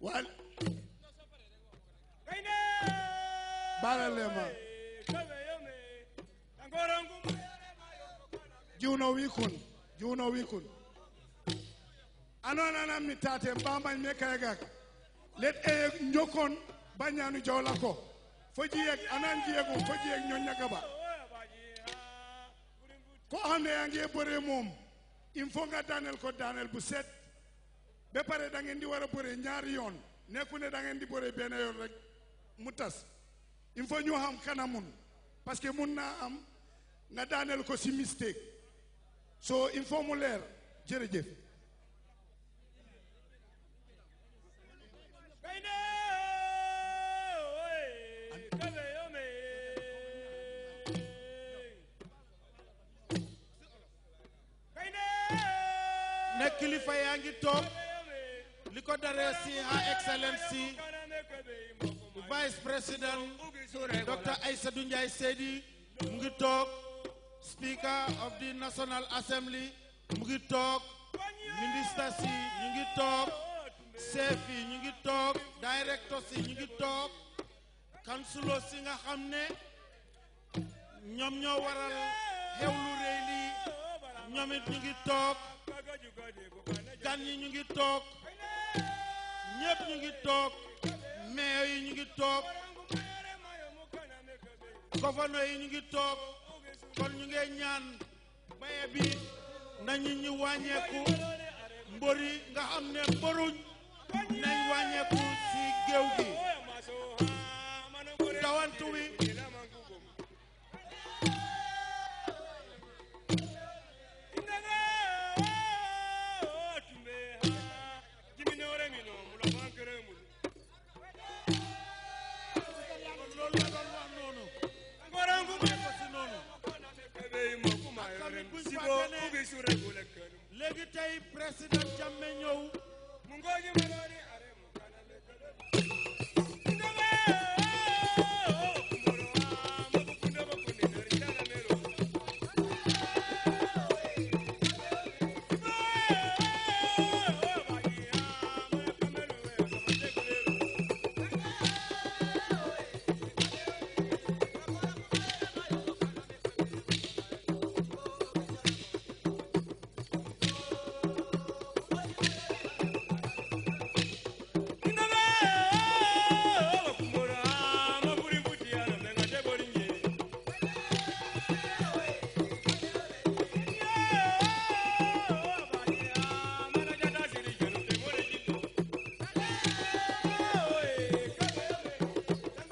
waal baralema juuno wikun juuno wikun anonana mi tate mbamañ me kaye gak let eye jokon bañanu jawla ko fo jiyek anan jiyegum fo jiyek ñoñagaba ko ande ange bore mom il faut nga ko danel bu ba pare da ngeen di wara a bëre ñaari yoon nekku ne da ngeen di bëre benn yoon rek mu tas il faut ñu xam kanamun parce que mun naa am nga daaneel ko si mistake so il faut mu leer jërëjëf ne kilifa yaa ngi toog li ko daree si Her Excellency Vice President Dr Aissatou Ndiaye Seydi mu ngi toog Speaker of the National Assembly mu ngi toog ministres yi ñu ngi toog chef yi ñu ngi toog directeurs yi ñu ngi toog councilors yi nga xam ne ñoom ñoo waral xew lu rëy lii ñu ngi toog gan yi ñu ngi toog. ñëpp ñu ngi toog maire yi ñu ngi toog kofano ñu ngi toog kon ñu ngi ñaan maye bi nañu ñu wàññeeku mbëri nga xam ne mbëruñ nañ wàññeeku ci géew gi tawantu si ko ku bi su rek léegi tey président Jammeh ñëw mu ngooñu ma ah.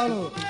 Hello.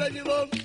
president.